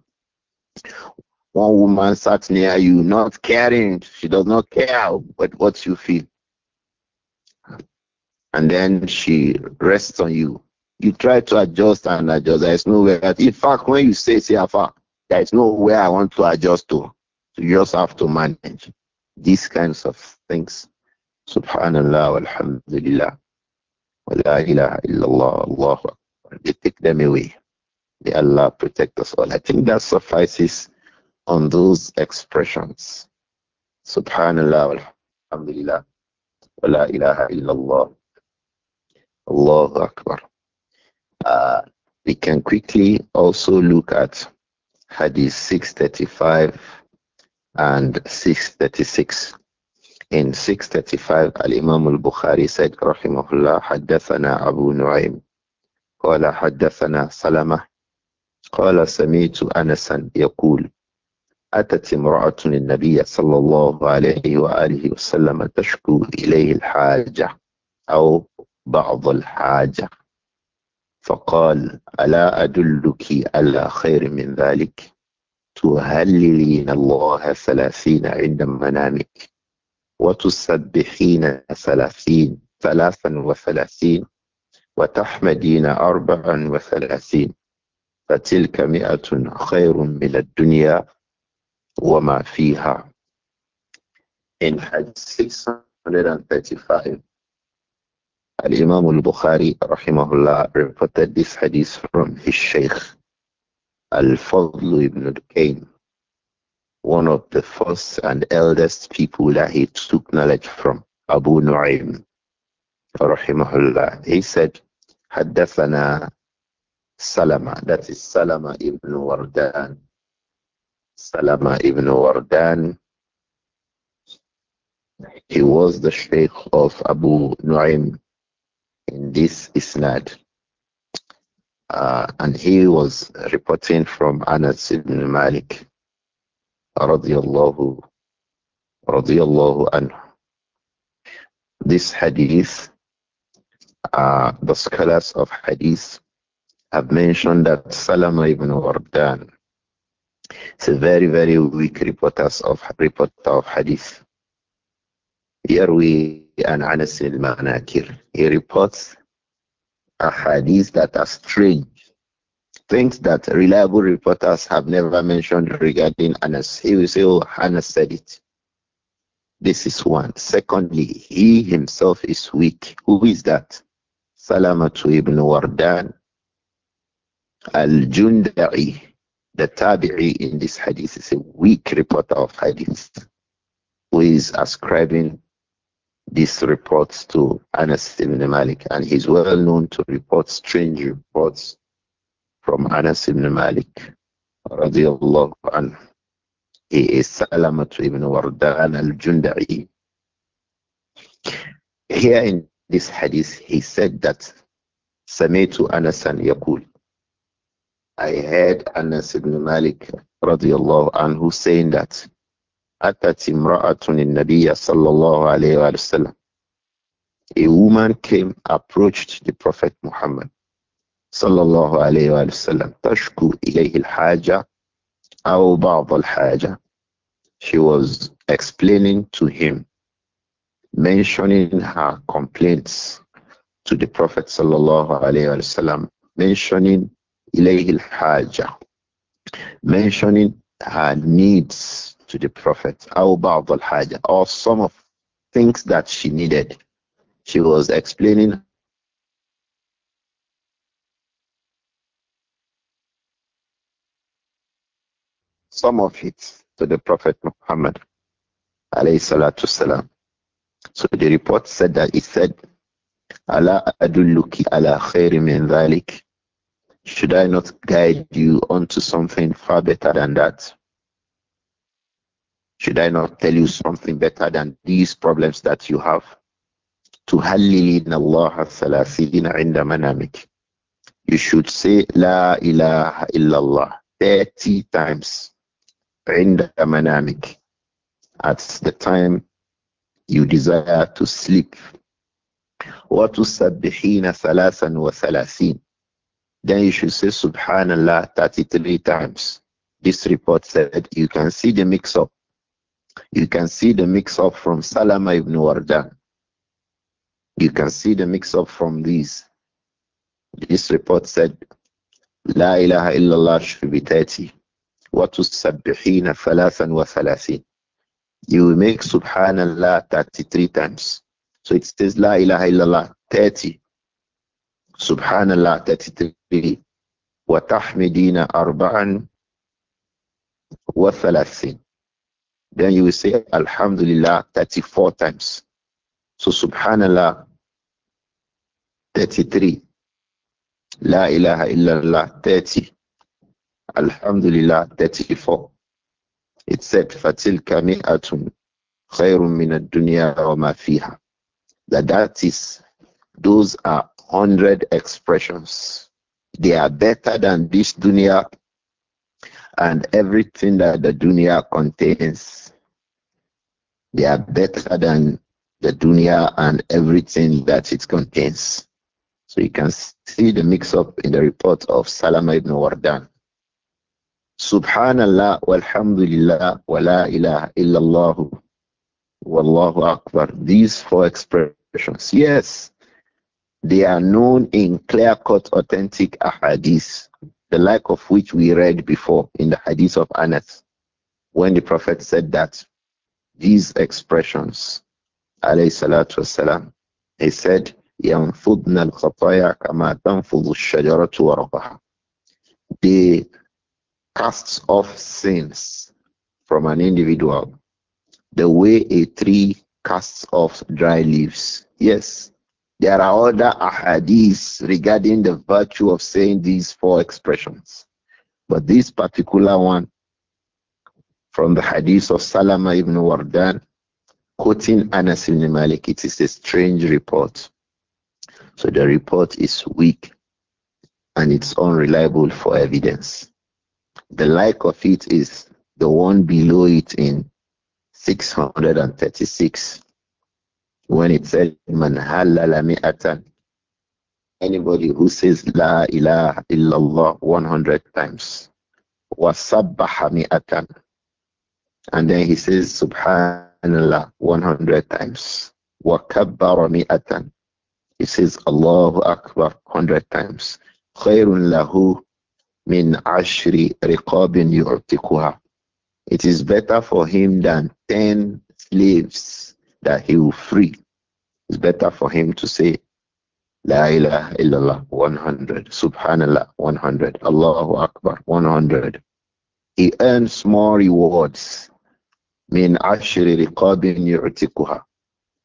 One woman sat near you, not caring. She does not care but what you feel. And then she rests on you. You try to adjust and adjust. There is nowhere. in fact, when you say, say, afar, there is nowhere I want to adjust to. So you just have to manage these kinds of things Subhanallah, Alhamdulillah, Wa la illallah, Allahu Akbar. They take them away. May Allah protect us all. I think that suffices on those expressions. Subhanallah, Alhamdulillah, Wa la ilaha illallah, Allahu Akbar. Uh, we can quickly also look at Hadith 635 and 636. In 635, Al-Imam al-Bukhari said, Rahimahullah, حدثنا أبو نعيم قال حدثنا سلمة قال سمعت أنسا يقول أتت امرأة النبي صلى الله عليه وآله وسلم تشكو إليه الحاجة أو بعض الحاجة فقال ألا أدلك على خير من ذلك تهللين الله ثلاثين عند منامك وتسبحين ثلاثين ثلاثا وثلاثين وتحمدين أربعا وثلاثين فتلك مئة خير من الدنيا وما فيها إن حد 635 الإمام البخاري رحمه الله reported this hadith from his الفضل ابن الكيم one of the first and eldest people that he took knowledge from, Abu Nu'aym, rahimahullah. He said, حدثنا Salama, that is Salama ibn Wardan. Salama ibn Wardan, he was the Sheikh of Abu Nu'aym in this Isnad. Uh, and he was reporting from Anas ibn Malik. رضي الله رضي This hadith, uh, the scholars of hadith have mentioned that Salama ibn Wardan is a very, very weak reporter of, reporter of hadith. an Anas al المناكير. He reports a hadith that are strange things that reliable reporters have never mentioned regarding Anas. He will say, Oh, Anas said it. This is one. Secondly, he himself is weak. Who is that? Salamatu ibn Wardan al-Jundari, the Tabi'i in this hadith, is a weak reporter of hadith who is ascribing these reports to Anas ibn Malik, and he's well known to report strange reports from Anas ibn Malik radiallahu anhu. He is Salamat ibn Wardan al jundari Here in this hadith, he said that Samitu Anasan Yaqul. I heard Anas ibn Malik radiallahu anhu saying that أتت امرأة النبي صلى الله عليه وسلم. A woman came, approached the Prophet Muhammad wa sallam. Tashku ilayhi al-haja, إليه الحاجة أو بعض haja. she was explaining to him mentioning her complaints to the Prophet Sallallahu alayhi wa sallam, mentioning ilayhi al-haja, mentioning her needs to the Prophet أو بعض الحاجة or some of things that she needed she was explaining some of it to the Prophet Muhammad. So the report said that he said, Allah adulluki ala khayri Should I not guide you onto something far better than that? Should I not tell you something better than these problems that you have? Allah الله ثلاثين عند منامك. You should say La ilaha illallah 30 times عند منامك at the time you desire to sleep وتسبحين ثلاثا وثلاثين then you should say subhanallah 33 times this report said you can see the mix up you can see the mix up from Salama ibn Wardan you can see the mix up from these this report said la ilaha illallah should be 30 وَتُسَبِّحِينَ ثَلَاثًا وَثَلَاثِينَ You will make Subhanallah 33 times. So it says La ilaha illallah 30. Subhanallah 33. وَتَحْمِدِينَ أَرْبَعًا وَثَلَاثِينَ Then you will say Alhamdulillah 34 times. So Subhanallah 33. La ilaha illallah 30. Alhamdulillah 34. It said, فَتِلْكَ مِئَةٌ خَيْرٌ مِنَ Dunya وَمَا fiha." That that is, those are 100 expressions. They are better than this dunya and everything that the dunya contains. They are better than the dunya and everything that it contains. So you can see the mix up in the report of Salama ibn Wardan. Subhanallah walhamdulillah wa la ilaha illallah wallahu akbar. These four expressions, yes, they are known in clear-cut authentic ahadith, the like of which we read before in the hadith of Anas, when the Prophet said that these expressions, alayhi salatu wasalam, he said, ينفضن الخطايا كما تنفض الشجرة ورقها. They casts off sins from an individual the way a tree casts off dry leaves. Yes, there are other ahadiths regarding the virtue of saying these four expressions. But this particular one from the hadith of Salama ibn Wardan, quoting Anas ibn Malik, it is a strange report. So the report is weak and it's unreliable for evidence. The like of it is the one below it in 636 when it said anybody who says la ilaha illallah 100 times wasabbaha mi'atan and then he says subhanallah 100 times wa kabbara mi'atan he says allahu akbar 100 times khairun lahu min ashri riqabin yu'tikuha. It is better for him than 10 slaves that he will free. It's better for him to say La ilaha illallah 100, Subhanallah 100, Allahu Akbar 100. He earns more rewards min ashri riqabin yu'tikuha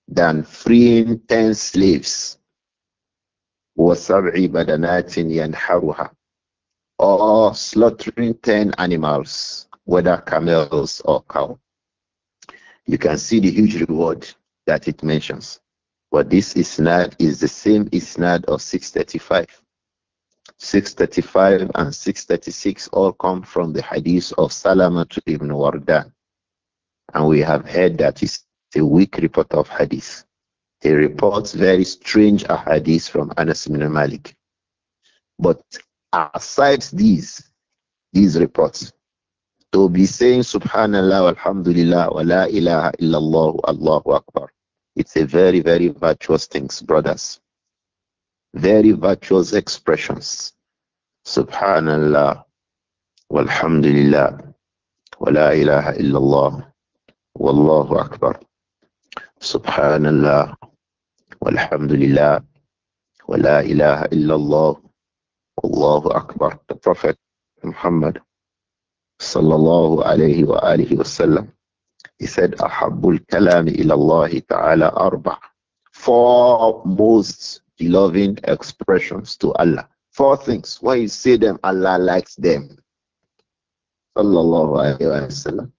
than freeing 10 slaves وسبع بدنات ينحرها or slaughtering 10 animals, whether camels or cow. You can see the huge reward that it mentions. But this isnad is the same isnad of 635. 635 and 636 all come from the hadith of Salamat ibn Wardan. And we have heard that it's a weak report of hadith. He reports very strange hadiths from Anas ibn Malik. But aside these, these reports, to be saying Subhanallah, Alhamdulillah, wa la ilaha illallah, Allahu Akbar. It's a very, very virtuous things, brothers. Very virtuous expressions. Subhanallah, walhamdulillah, wa la ilaha illallah, wallahu akbar. Subhanallah, walhamdulillah, wa la ilaha illallah, Allahu Akbar, the Prophet Muhammad sallallahu alayhi wa alihi wasallam, he said, Ahabbul kalami ilallahi ta'ala arba. Four most beloved expressions to Allah. Four things. When you say them, Allah likes them. Sallallahu alayhi wa sallam.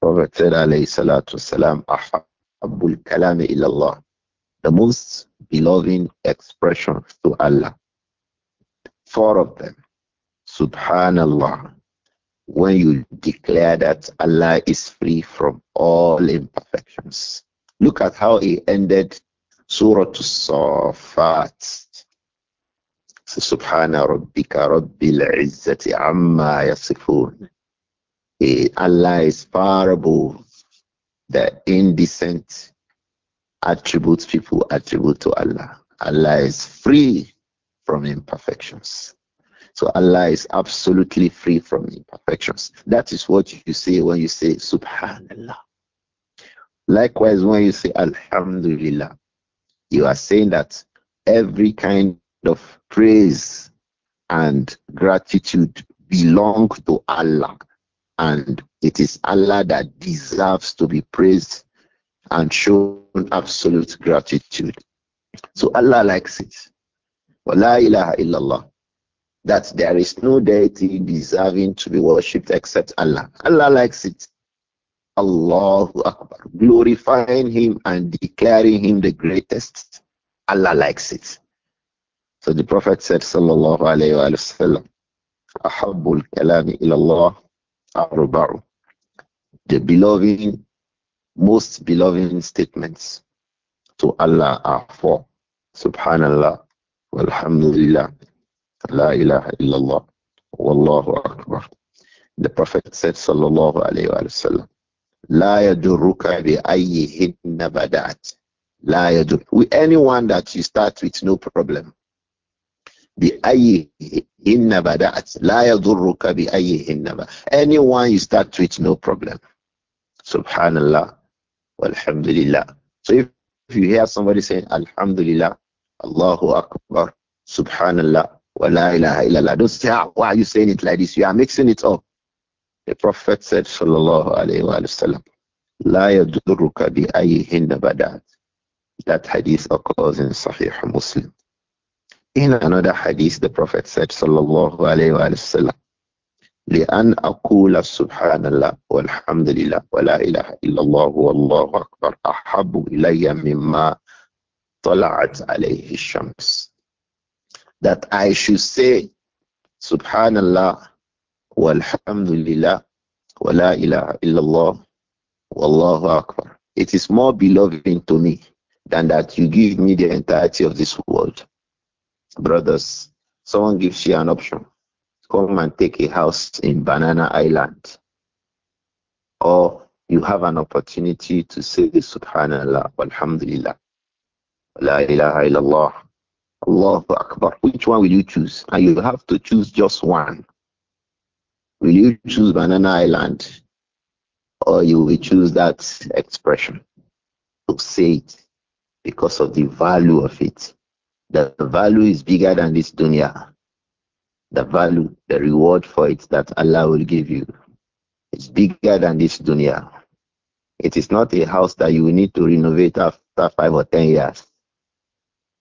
Prophet said, alayhi salatu wasalam, Ahabbul kalami ilallah. The most beloved expressions to Allah four of them. Subhanallah. When you declare that Allah is free from all imperfections. Look at how he ended Surah Safat. Subhana rabbika rabbil izzati amma yasifun. Allah is far above the indecent attributes people attribute to Allah. Allah is free from imperfections. So Allah is absolutely free from imperfections. That is what you say when you say Subhanallah. Likewise, when you say Alhamdulillah, you are saying that every kind of praise and gratitude belong to Allah. And it is Allah that deserves to be praised and shown absolute gratitude. So Allah likes it. La ilaha illallah. That there is no deity deserving to be worshipped except Allah. Allah likes it. Allahu Akbar. Glorifying Him and declaring Him the greatest. Allah likes it. So the Prophet said, Sallallahu Alaihi Wasallam, "Ahabul Kalami ilallah arba'u. The beloved, most beloved statements to Allah are four. Subhanallah, والحمد لله لا إله إلا الله والله أكبر The Prophet said "Sallallahu alayhi wa sallam." لا يدرك بأيهن بدأت لا يدرك With anyone that you start with no problem بأيهن بدأت لا يضرك بأيهن بدأت anyone you start with no problem Subhanallah. الله والحمد لله so if, if you hear somebody saying alhamdulillah الله أكبر سبحان الله ولا إله إلا الله Don't say, why are you saying it like this? You are mixing it up. The Prophet said, صلى Sallallahu Alaihi Wasallam, La yadurruka bi ayyihin بدات That hadith occurs in صحيح مسلم In another hadith, the Prophet said, صلى الله عليه وآله وسلم لأن أقول سبحان الله والحمد لله ولا إله إلا الله والله أكبر أحب إلي مما طلعت عليه الشمس that I should say subhanallah walhamdulillah wa la ilaha illallah wallahu akbar it is more beloved to me than that you give me the entirety of this world brothers someone gives you an option come and take a house in banana island or you have an opportunity to say subhanallah walhamdulillah La ilaha illallah. Allahu Akbar. Which one will you choose? And you have to choose just one. Will you choose Banana Island? Or you will choose that expression to say it because of the value of it. The value is bigger than this dunya. The value, the reward for it that Allah will give you is bigger than this dunya. It is not a house that you need to renovate after five or ten years.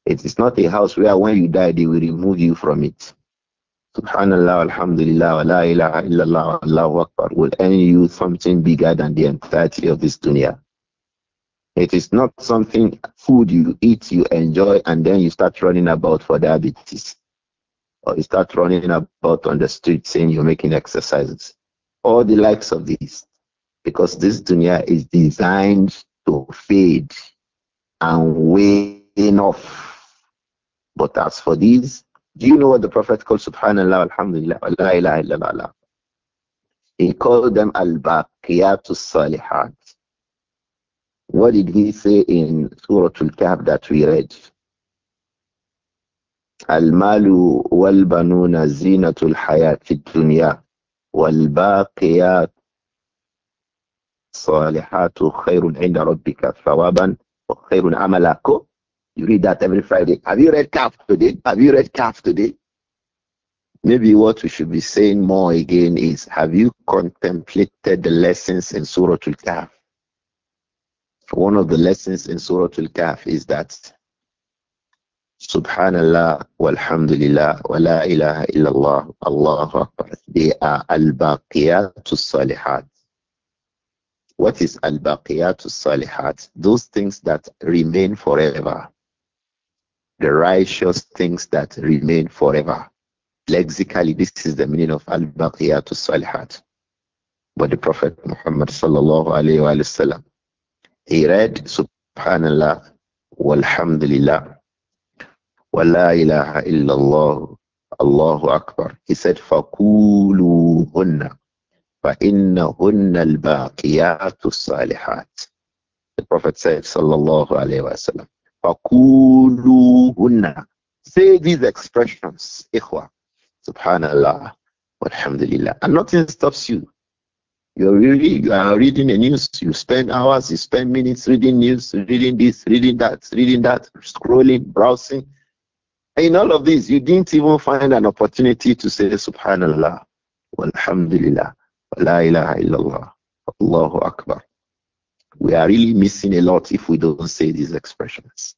It is not a house where when you die, they will remove you from it. Subhanallah, Alhamdulillah, wa la ilaha illallah, Allahu Akbar will earn you something bigger than the entirety of this dunya. It is not something, food you eat, you enjoy, and then you start running about for diabetes. Or you start running about on the street saying you're making exercises. All the likes of these. Because this dunya is designed to fade and wane off but as for these, do you know what the Prophet called Subhanallah, Alhamdulillah, La ilaha illallah? He called them Al-Baqiyatus Salihat. What did he say in Surah Al-Kahf that we read? Al-Malu wal-Banuna zinatul hayatid dunya wal-Baqiyat الصالحات خير عند ربك ثوابا وخير عملا you read that every Friday. Have you read calf today? Have you read calf today? Maybe what we should be saying more again is have you contemplated the lessons in Surah Al Kaf? One of the lessons in Surah Al Kaf is that Subhanallah walhamdulillah wa la ilaha illallah Allahu Akbar. They are al to salihat. What is al to salihat? Those things that remain forever the righteous things that remain forever. Lexically, this is the meaning of al-baqiyatu salihat. But the Prophet Muhammad sallallahu alayhi wa sallam, he read subhanallah walhamdulillah wa la ilaha illallah Allahu Akbar. He said, inna al فَإِنَّهُنَّ to salihat. The Prophet said, sallallahu alayhi wa sallam, Fakuluhunna. Say these expressions, ikhwa. Subhanallah, alhamdulillah. And nothing stops you. You're really, you are reading the news, you spend hours, you spend minutes reading news, reading this, reading that, reading that, scrolling, browsing. in all of this, you didn't even find an opportunity to say Subhanallah, Alhamdulillah, La ilaha illallah, Allahu Akbar. We are really missing a lot if we don't say these expressions.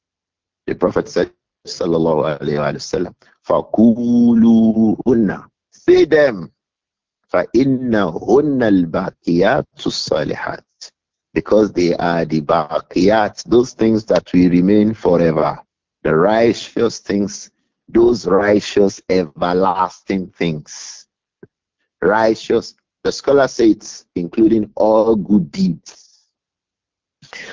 The Prophet said, Sallallahu Alaihi Wasallam, Say them. Because they are the baqiyat, those things that will remain forever. The righteous things, those righteous everlasting things. Righteous, the scholar says, including all good deeds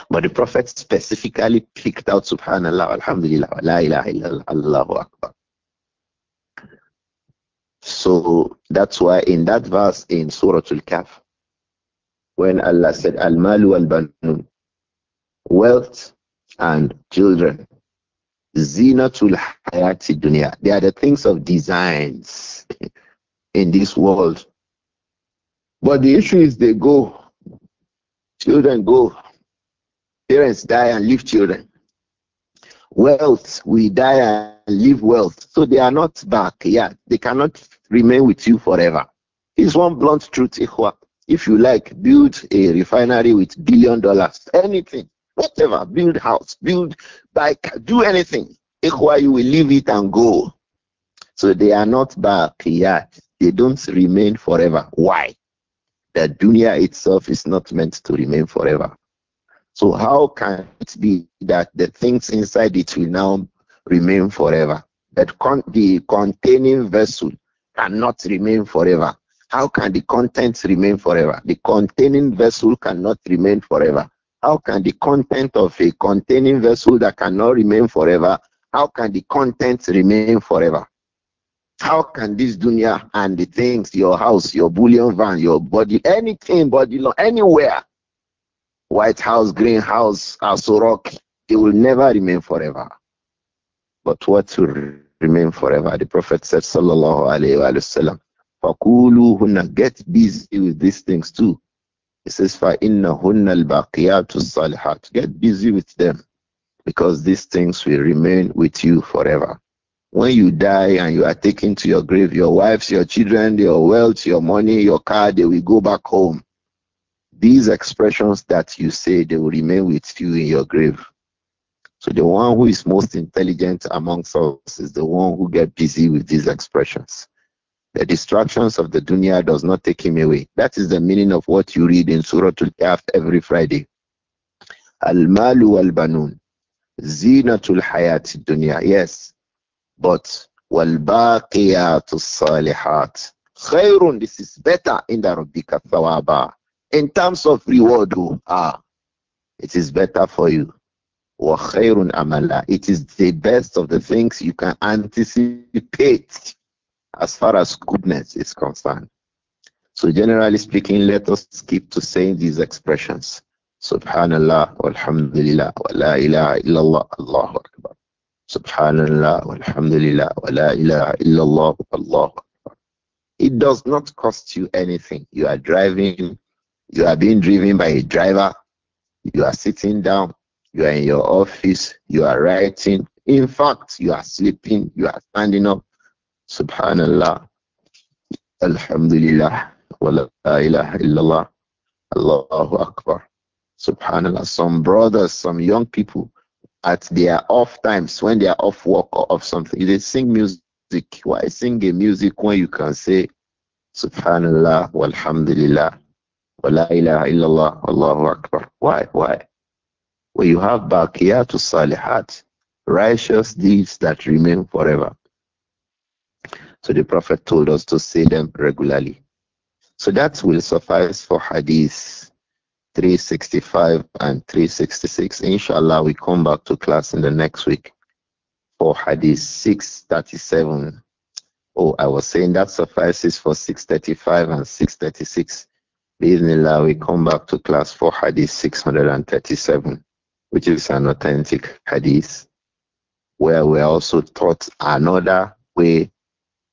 but the Prophet specifically picked out Subhanallah, Alhamdulillah, La ilaha illallah, Allahu Akbar. So that's why in that verse in Surah Al-Kaf, when Allah said, Al-Malu al-Banun, wealth and children, Zinatul Hayati Dunya, they are the things of designs in this world. But the issue is they go, children go, Parents die and leave children. Wealth, we die and leave wealth. So they are not back. Yeah, they cannot remain with you forever. It's one blunt truth, If you like, build a refinery with billion dollars, anything, whatever, build house, build bike, do anything. Ikhwa, you will leave it and go. So they are not back. Yeah, they don't remain forever. Why? The dunya itself is not meant to remain forever. So how can it be that the things inside it will now remain forever? That con the containing vessel cannot remain forever. How can the contents remain forever? The containing vessel cannot remain forever. How can the content of a containing vessel that cannot remain forever? How can the contents remain forever? How can this dunya and the things, your house, your bullion van, your body, anything, body, anywhere, White House, Green House, Asurok, it will never remain forever. But what will remain forever? The Prophet said, Sallallahu Alaihi Wasallam, Hunna, Get busy with these things too. He says, al baqiyatu salihat." Get busy with them because these things will remain with you forever. When you die and you are taken to your grave, your wives, your children, your wealth, your money, your car, they will go back home. These expressions that you say, they will remain with you in your grave. So the one who is most intelligent amongst us is the one who get busy with these expressions. The distractions of the dunya does not take him away. That is the meaning of what you read in Surah Al-Kahf every Friday. Al-malu wal-banun. Zinatul hayat dunya. Yes. But wal-baqiyatus salihat. Khairun. This is better in the Rabbika thawaba in terms of reward, oh, ah, it is better for you. It is the best of the things you can anticipate as far as goodness is concerned. So generally speaking, let us keep to saying these expressions. Subhanallah, Alhamdulillah, wa la ilaha illallah, Allahu Akbar. Subhanallah, Alhamdulillah, wa la ilaha illallah, Allahu Akbar. It does not cost you anything. You are driving you are being driven by a driver. You are sitting down. You are in your office. You are writing. In fact, you are sleeping. You are standing up. Subhanallah. Alhamdulillah. Wala ilaha illallah. Allahu Akbar. Subhanallah. Some brothers, some young people, at their off times, when they are off work or off something, they sing music. Why sing a music when you can say Subhanallah, Walhamdulillah, وَلَا إِلَهَ إِلَّا اللَّهُ وَاللَّهُ أَكْبَرُ Why? Why? Well, you have Baqiyatul Salihat, righteous deeds that remain forever. So the Prophet told us to say them regularly. So that will suffice for Hadith 365 and 366. Inshallah, we come back to class in the next week for Hadith 637. Oh, I was saying that suffices for 635 and 636. Bismillah, we come back to class 4 Hadith 637, which is an authentic Hadith, where we're also taught another way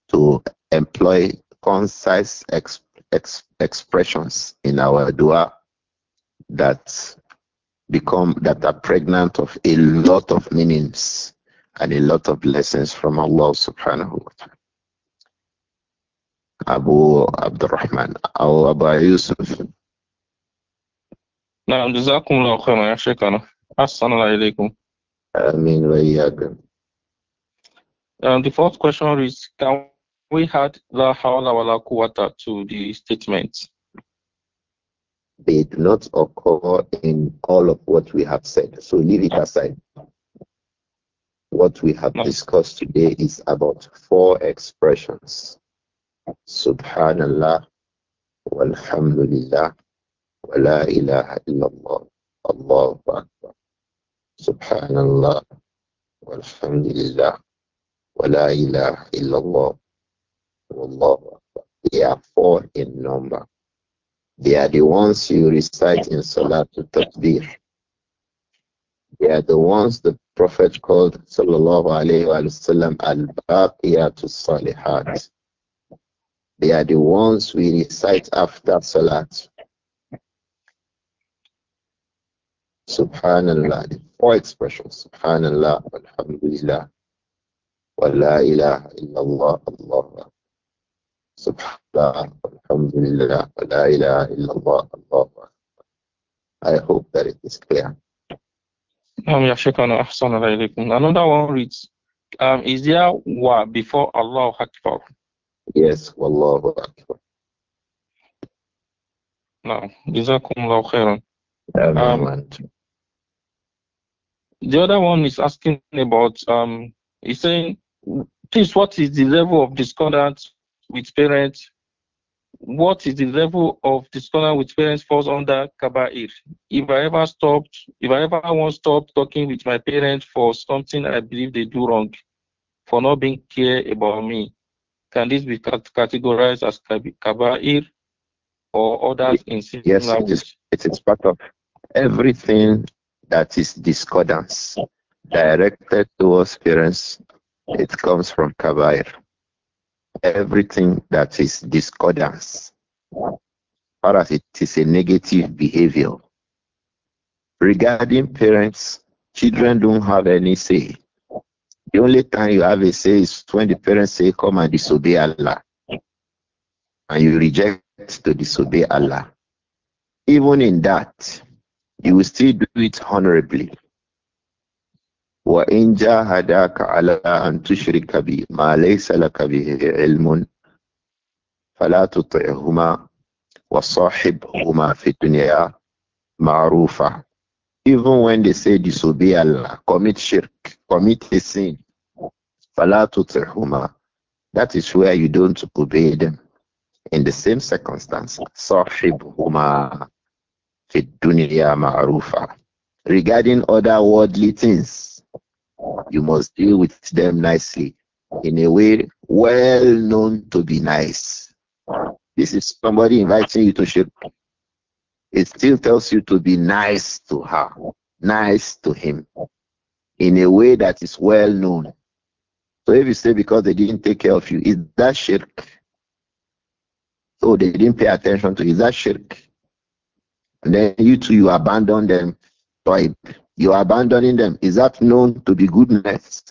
to employ concise exp exp expressions in our dua that become that are pregnant of a lot of meanings and a lot of lessons from Allah subhanahu wa ta'ala. Abu Abdurrahman نعم جزاكم الله خيرا يا شيخنا أحسن الله إليكم آمين وإياكم the fourth question is Can we add La Hawla wa la to the statement? They do not occur in all of what we have said, so leave it aside. What we have no. discussed today is about four expressions سبحان الله والحمد لله ولا إله إلا الله الله أكبر سبحان الله والحمد لله ولا إله إلا الله والله أكبر They are four in number. They are the ones you recite in Salatul Tasbih. They are the ones the Prophet called Sallallahu Alaihi Wasallam Al-Baqiyatul Salihat. They are the ones we recite after Salat. Subhanallah. The four expressions. Subhanallah, Alhamdulillah, Wa la ilaha illallah, Allah. Subhanallah, Alhamdulillah, Wa la ilaha illallah, Allah. I hope that it is clear. Um, Another one reads, um, is there wa before Allah Akbar? Yes, Wallahu Akbar. No, Jazakum Khairan. Um, the other one is asking about, um, he's saying, please, what is the level of discordant with parents? What is the level of discordant with parents falls under Kaba'ir? If I ever stopped, if I ever once stopped talking with my parents for something I believe they do wrong, for not being care about me, can this be categorized as kabair or others in similar Yes, it is, it is part of everything that is discordance directed towards parents. It comes from kabair. Everything that is discordance, or as it is a negative behavior. Regarding parents, children don't have any say the only time you have a say is when the parents say, Come and disobey Allah. And you reject to disobey Allah. Even in that, you will still do it honorably. وإن جاهداك على أن تشرك بي ما ليس لك به علم فلا تطعهما وصاحبهما في الدنيا معروفة even when they say disobey Allah, commit shirk, commit a sin, that is where you don't obey them. In the same circumstance, sahibhuma fi dunya ma'rufa. Regarding other worldly things, you must deal with them nicely in a way well known to be nice. This is somebody inviting you to shirk it still tells you to be nice to her, nice to him, in a way that is well known. So if you say because they didn't take care of you, is that shirk? So they didn't pay attention to is that shirk? And then you too, you abandon them. Right? You are abandoning them. Is that known to be goodness?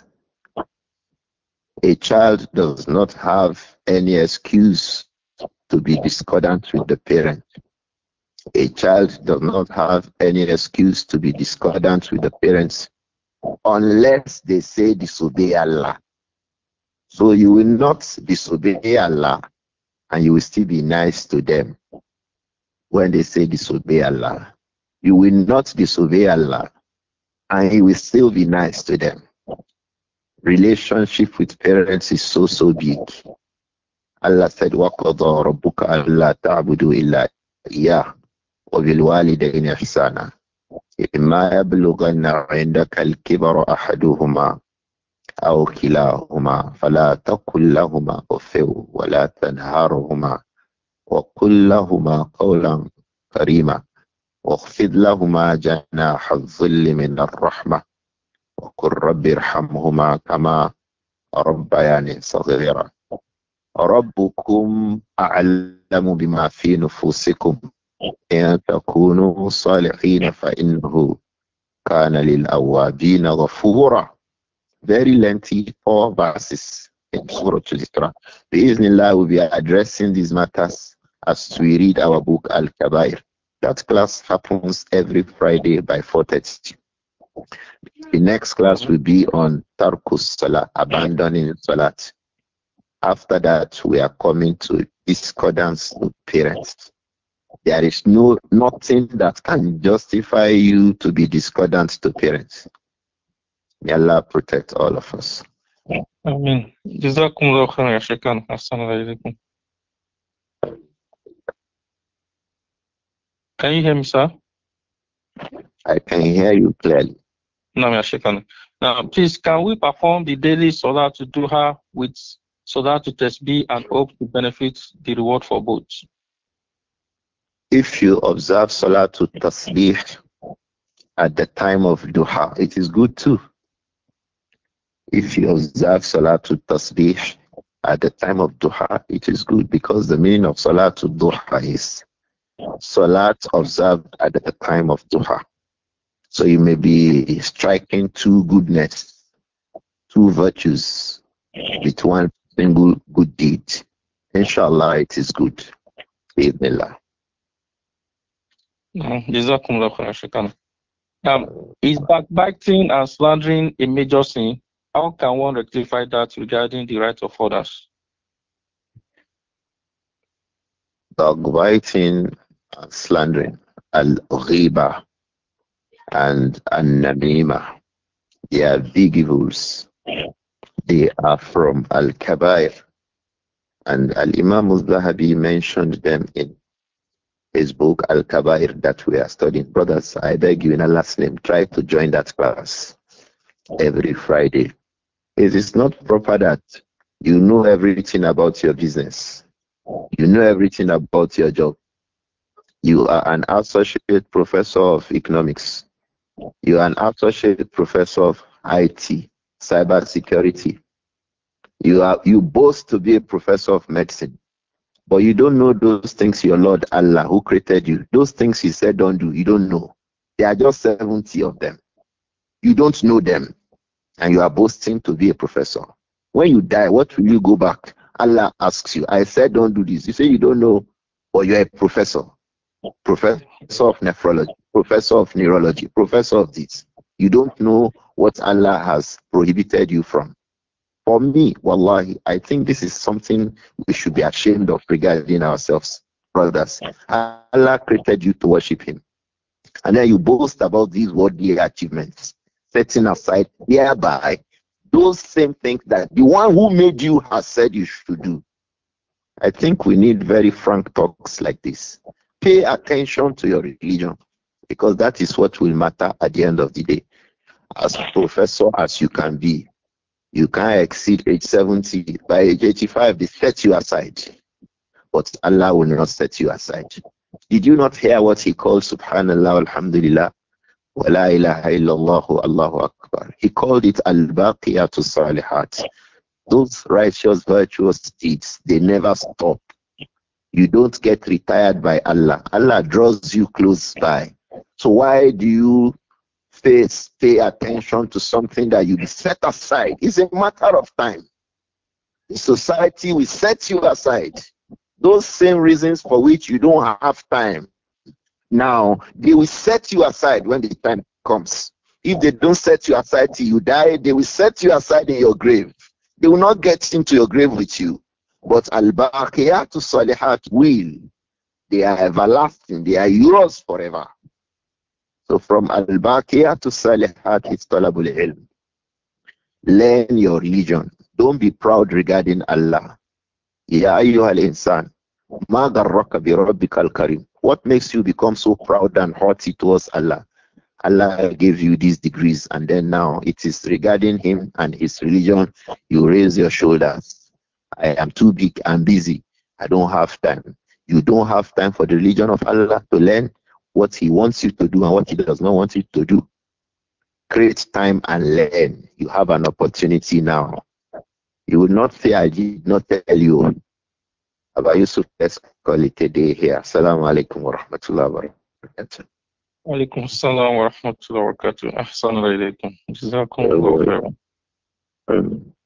A child does not have any excuse to be discordant with the parent a child does not have any excuse to be discordant with the parents unless they say disobey Allah. So you will not disobey Allah and you will still be nice to them when they say disobey Allah. You will not disobey Allah and He will still be nice to them. Relationship with parents is so, so big. Allah said, وَقَضَى رَبُّكَ Allah Ta'budu إِلَّا Yeah. وبالوالدين إحسانا إما يبلغن عندك الكبر أحدهما أو كلاهما فلا تقل لهما أف ولا تنهرهما وقل لهما قولا كريما واخفض لهما جناح الظل من الرحمة وقل رب ارحمهما كما ربياني صغيرا ربكم أعلم بما في نفوسكم very lengthy four verses in Surah Al-Isra. we will be addressing these matters as we read our book Al-Kabair. That class happens every Friday by 4.30. The next class will be on Tarkus Salah, abandoning Salat. After that, we are coming to discordance with parents. There is no nothing that can justify you to be discordant to parents. May Allah protect all of us. Amen. جزاكم Can you hear me, sir? I can hear you clearly. No, ya Sheikhana. Now, please, can we perform the daily Salah to do her with Salah to be and hope to benefit the reward for both? if you observe Salatul Tasbih at the time of Duha, it is good too. If you observe Salatul Tasbih at the time of Duha, it is good because the meaning of Salatul Duha is Salat observed at the time of Duha. So you may be striking two goodness, two virtues with one single good deed. Inshallah, it is good. Bismillah. Mm-hmm. Um, is backbiting and slandering a major sin? How can one rectify that regarding the right of others? Backbiting and slandering, al riba and an namima, they are big evils. They are from al kabair, and Al Imam al Zahabi mentioned them in his book, Al Kabair, that we are studying. Brothers, I beg you in Allah's name, try to join that class every Friday. It is not proper that you know everything about your business, you know everything about your job. You are an associate professor of economics, you are an associate professor of IT, security. You are you boast to be a professor of medicine. But you don't know those things your Lord Allah who created you. Those things he said don't do, you don't know. There are just 70 of them. You don't know them. And you are boasting to be a professor. When you die, what will you go back? Allah asks you, I said don't do this. You say you don't know, but you're a professor. Professor of nephrology, professor of neurology, professor of this. You don't know what Allah has prohibited you from. For me, wallahi, I think this is something we should be ashamed of regarding ourselves, brothers. Allah created you to worship Him. And then you boast about these worldly achievements, setting aside thereby those same things that the one who made you has said you should do. I think we need very frank talks like this. Pay attention to your religion because that is what will matter at the end of the day. As professor as you can be, you can't exceed age 70. By age 85, they set you aside. But Allah will not set you aside. Did you not hear what he called Subhanallah, Alhamdulillah, wa la ilaha illallah, Allahu Akbar? He called it Al-Baqiyatu Salihat. Those righteous, virtuous deeds, they never stop. You don't get retired by Allah. Allah draws you close by. So why do you Stay, pay attention to something that you set aside. It's a matter of time. The society will set you aside. Those same reasons for which you don't have time now, they will set you aside when the time comes. If they don't set you aside till you die, they will set you aside in your grave. They will not get into your grave with you. But al to salihat will. They are everlasting. They are yours forever. So from Al-Baqiyah to Salihat is Talabul Ilm. Learn your religion. Don't be proud regarding Allah. Ya ayyuhal insan. Ma bi rabbikal karim. What makes you become so proud and haughty towards Allah? Allah gave you these degrees, and then now it is regarding Him and His religion. You raise your shoulders. I am too big. I'm busy. I don't have time. You don't have time for the religion of Allah to learn what He wants you to do and what He does not want you to do. Create time and learn. You have an opportunity now. You will not say, I did not tell you. Abba Yusuf, let's call it a day here. Assalamu alaikum wa rahmatullahi wa barakatuh. وعليكم السلام ورحمة الله وبركاته أحسن إليكم جزاكم الله خيرا